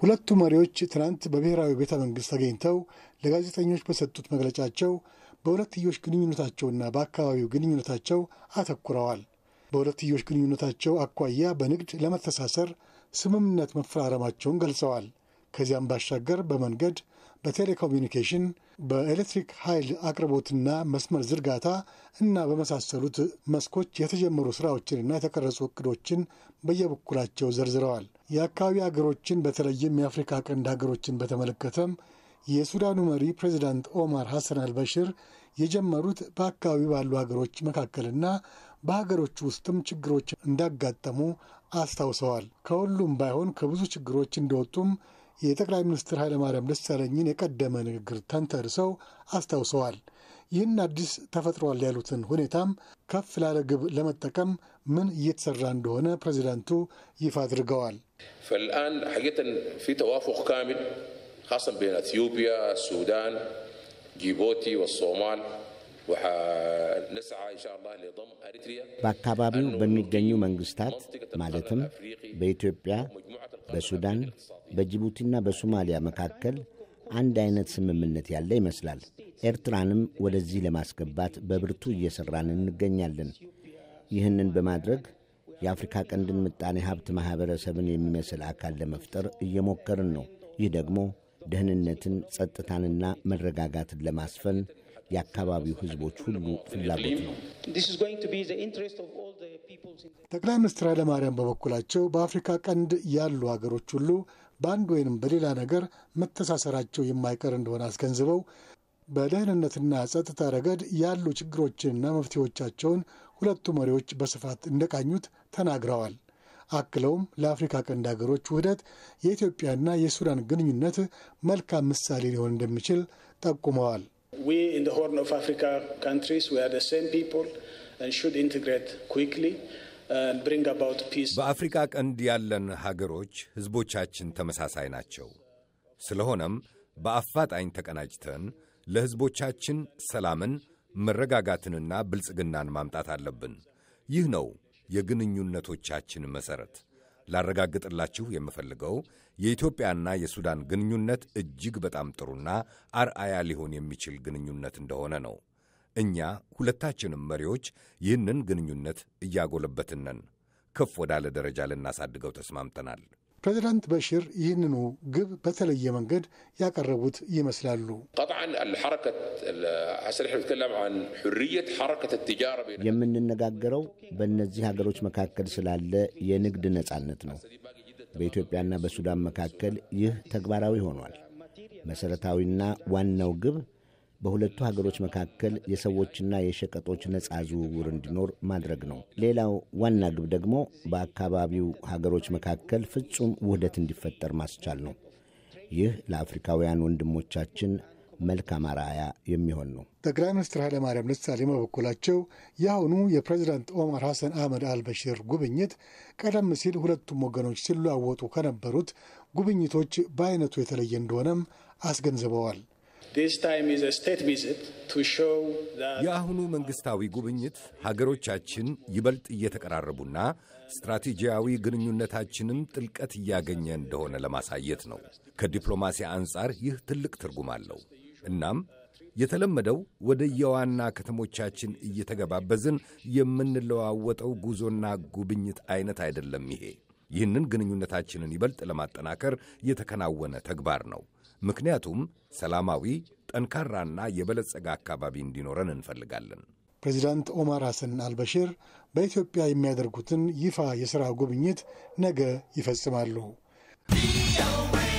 ሁለቱ መሪዎች ትናንት በብሔራዊ ቤተ መንግሥት ተገኝተው ለጋዜጠኞች በሰጡት መግለጫቸው በሁለትዮሽ ግንኙነታቸውና በአካባቢው ግንኙነታቸው አተኩረዋል። በሁለትዮሽ ግንኙነታቸው አኳያ በንግድ ለመተሳሰር ስምምነት መፈራረማቸውን ገልጸዋል። ከዚያም ባሻገር በመንገድ፣ በቴሌኮሚኒኬሽን፣ በኤሌክትሪክ ኃይል አቅርቦትና መስመር ዝርጋታ እና በመሳሰሉት መስኮች የተጀመሩ ሥራዎችንና የተቀረጹ እቅዶችን በየበኩላቸው ዘርዝረዋል። የአካባቢ ሀገሮችን በተለይም የአፍሪካ ቀንድ ሀገሮችን በተመለከተም የሱዳኑ መሪ ፕሬዚዳንት ኦማር ሐሰን አልበሽር የጀመሩት በአካባቢ ባሉ ሀገሮች መካከልና በሀገሮች ውስጥም ችግሮች እንዳጋጠሙ አስታውሰዋል። ከሁሉም ባይሆን ከብዙ ችግሮች እንደወጡም የጠቅላይ ሚኒስትር ኃይለማርያም ደሳለኝን የቀደመ ንግግር ተንተርሰው አስታውሰዋል። ይህን አዲስ ተፈጥሯል ያሉትን ሁኔታም ከፍ ላለ ግብ ለመጠቀም ምን እየተሰራ እንደሆነ ፕሬዚዳንቱ ይፋ አድርገዋል። ፈልአን حقيقة ፊ ተዋፉቅ ካሚል ካሰን ቤን ኢትዮጵያ፣ ሱዳን፣ ጅቡቲ ወሶማል በአካባቢው በሚገኙ መንግስታት ማለትም በኢትዮጵያ፣ በሱዳን፣ በጅቡቲና በሶማሊያ መካከል አንድ አይነት ስምምነት ያለ ይመስላል። ኤርትራንም ወደዚህ ለማስገባት በብርቱ እየሠራን እንገኛለን። ይህንን በማድረግ የአፍሪካ ቀንድን ምጣኔ ሀብት ማኅበረሰብን የሚመስል አካል ለመፍጠር እየሞከርን ነው። ይህ ደግሞ ደህንነትን፣ ጸጥታንና መረጋጋትን ለማስፈን የአካባቢው ሕዝቦች ሁሉ ፍላጎት ነው። ጠቅላይ ሚኒስትር ኃይለማርያም በበኩላቸው በአፍሪካ ቀንድ ያሉ ሀገሮች ሁሉ በአንድ ወይንም በሌላ ነገር መተሳሰራቸው የማይቀር እንደሆነ አስገንዝበው በደህንነትና ጸጥታ ረገድ ያሉ ችግሮችንና መፍትሄዎቻቸውን ሁለቱ መሪዎች በስፋት እንደቃኙት ተናግረዋል። አክለውም ለአፍሪካ ቀንድ ሀገሮች ውህደት የኢትዮጵያና የሱዳን ግንኙነት መልካም ምሳሌ ሊሆን እንደሚችል ጠቁመዋል። ሆርን ኦፍ አፍሪካ ካንትሪስ ዊ ዘ ሴም ፒፕል ሹድ ኢንትግሬት ኩዊክሊ በአፍሪካ ቀንድ ያለን ሀገሮች ሕዝቦቻችን ተመሳሳይ ናቸው። ስለሆነም በአፋጣኝ ተቀናጅተን ለሕዝቦቻችን ሰላምን፣ መረጋጋትንና ብልጽግናን ማምጣት አለብን። ይህ ነው የግንኙነቶቻችን መሠረት። ላረጋግጥላችሁ የምፈልገው የኢትዮጵያና የሱዳን ግንኙነት እጅግ በጣም ጥሩና አርአያ ሊሆን የሚችል ግንኙነት እንደሆነ ነው። እኛ ሁለታችንም መሪዎች ይህንን ግንኙነት እያጎለበትነን ከፍ ወዳለ ደረጃ ልናሳድገው ተስማምተናል። ፕሬዚዳንት በሺር ይህንኑ ግብ በተለየ መንገድ ያቀረቡት ይመስላሉ። የምንነጋገረው በእነዚህ ሀገሮች መካከል ስላለ የንግድ ነጻነት ነው። በኢትዮጵያና በሱዳን መካከል ይህ ተግባራዊ ሆኗል። መሠረታዊና ዋናው ግብ በሁለቱ ሀገሮች መካከል የሰዎችና የሸቀጦች ነጻ ዝውውር እንዲኖር ማድረግ ነው። ሌላው ዋና ግብ ደግሞ በአካባቢው ሀገሮች መካከል ፍጹም ውህደት እንዲፈጠር ማስቻል ነው። ይህ ለአፍሪካውያን ወንድሞቻችን መልካም አርአያ የሚሆን ነው። ጠቅላይ ሚኒስትር ኃይለማርያም ደሳለኝ በበኩላቸው የአሁኑ የፕሬዚዳንት ኦማር ሐሰን አህመድ አልበሽር ጉብኝት ቀደም ሲል ሁለቱም ወገኖች ሲለዋወጡ ከነበሩት ጉብኝቶች በአይነቱ የተለየ እንደሆነም አስገንዝበዋል። የአሁኑ መንግሥታዊ ጉብኝት ሀገሮቻችን ይበልጥ እየተቀራረቡና ስትራቴጂያዊ ግንኙነታችንም ጥልቀት እያገኘ እንደሆነ ለማሳየት ነው። ከዲፕሎማሲ አንጻር ይህ ትልቅ ትርጉም አለው። እናም የተለመደው ወደ የዋና ከተሞቻችን እየተገባበዝን የምንለዋወጠው ጉዞና ጉብኝት አይነት አይደለም ይሄ ይህንን ግንኙነታችንን ይበልጥ ለማጠናከር የተከናወነ ተግባር ነው። ምክንያቱም ሰላማዊ፣ ጠንካራና የበለጸገ አካባቢ እንዲኖረን እንፈልጋለን። ፕሬዚዳንት ኦማር ሐሰን አልበሽር በኢትዮጵያ የሚያደርጉትን ይፋ የሥራ ጉብኝት ነገ ይፈጽማሉ።